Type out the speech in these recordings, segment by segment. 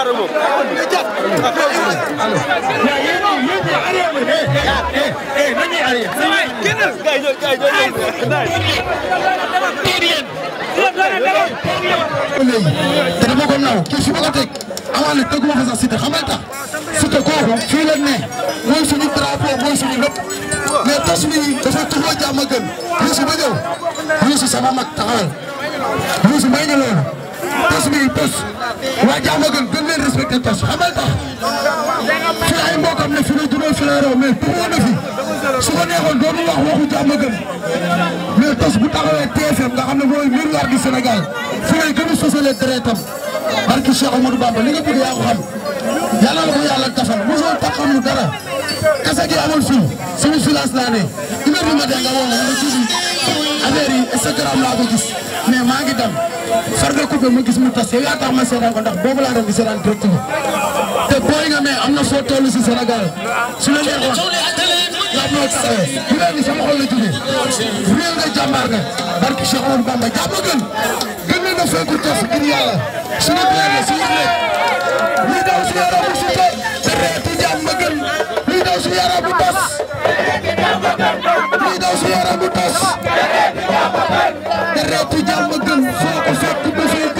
te dama ko naw kii su ma ko teg amaana teguma ko sax Siteu xam nga tax kooku fii la ne mooy suñu drapeau mooy suñu lépp mais tas mi dafa tuxoo jàmm a gën Youssou ba ñëw Youssou sama mag taxawal Youssou may ñu loolu tos bi tos waa jàmm gën gën leen respecté tos xam nga tax fi ay mbokkam ne fi la juróom fi la raw mais bu woon na fi su ko neexoon doonu wax waxu jàmm gën mais bu taxawee TFM nga xam ne mooy miroir du Sénégal fi lay gën a sosalee deretam barki Cheikh Amadou Bamba li nga bëgg yaa ko xam yàlla la ko yàlla tafal mosoo taxam lu dara kese gi amul fii suñu village laa ne une heure du matin nga woo nga nga a yi Instagram laa ko gis mais maa ngi dem far nga coupé ma gis mu tas yow ma seetaan ko ndax boobu laa di seetaan direct bi te booy nga mais am na foo si Sénégal su la dee nga jàmbaar nga barki Cheikh Amadou Bamba jàmm gën gën leen a fekku tas ngir yàlla suñu bëre la suñu bëre lii daw si yaram si te te reeti jàmm gën lii daw su yaram bi tas lii daw su yaram bi tas deretu jàmm gën foo ko fekk ba fay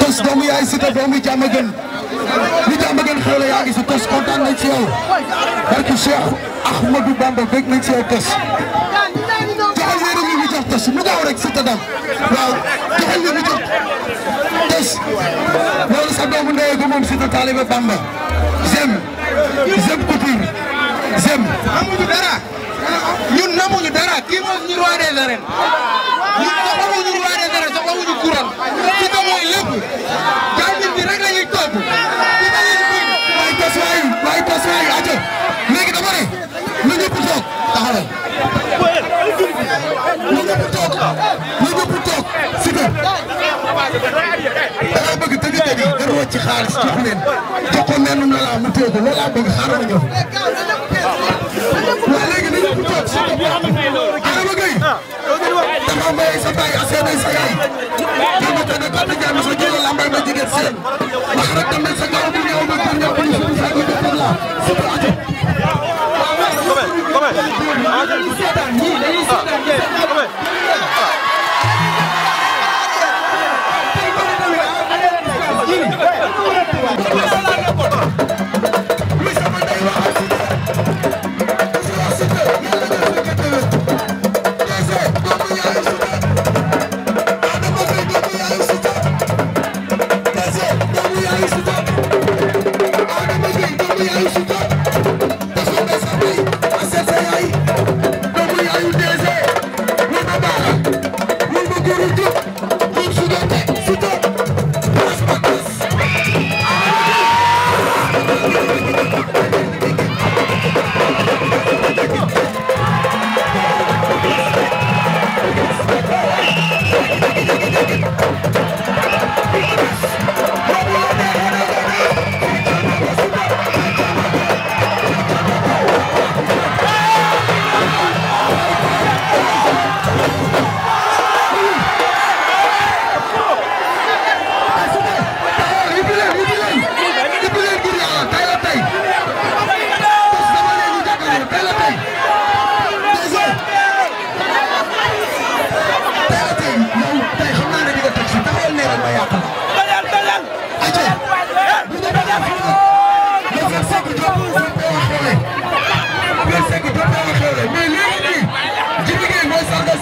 tos doomu yaay Siteu doomu jàmm gën li jàmm gën xëy na yaa ngi si tos kontaan nañ si yow barki Cheikh Ahmadou Bamba bég nañ si yow tos joxal yéen ñu ngi jox tos gaaw rek Siteu dam waaw joxal ñu ngi jox tos loolu sa doomu gu moom Siteu taalibe Bamba zem zem couture zem amuñu dara ñun namuñu dara kii moom ñu roi des arènes jaay nit ñi rek la ñuy tontu. waaye tos waay waaye tos waay rajo léegi dama ne lu ñëpp toog taxawal. lu ñëpp toog lu ñëpp toog si biir. da ngaa bëgg dëgg-dëgg nga rocc xaalis jox leen jox ko ne nu la mu téye ko loolu laa bëgg xaaral ma ñëw. waaw léegi lu ñëpp toog si biir. Adama Gueye. dafa may sa baay ak seen ay sa yaay. Allez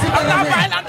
Siteu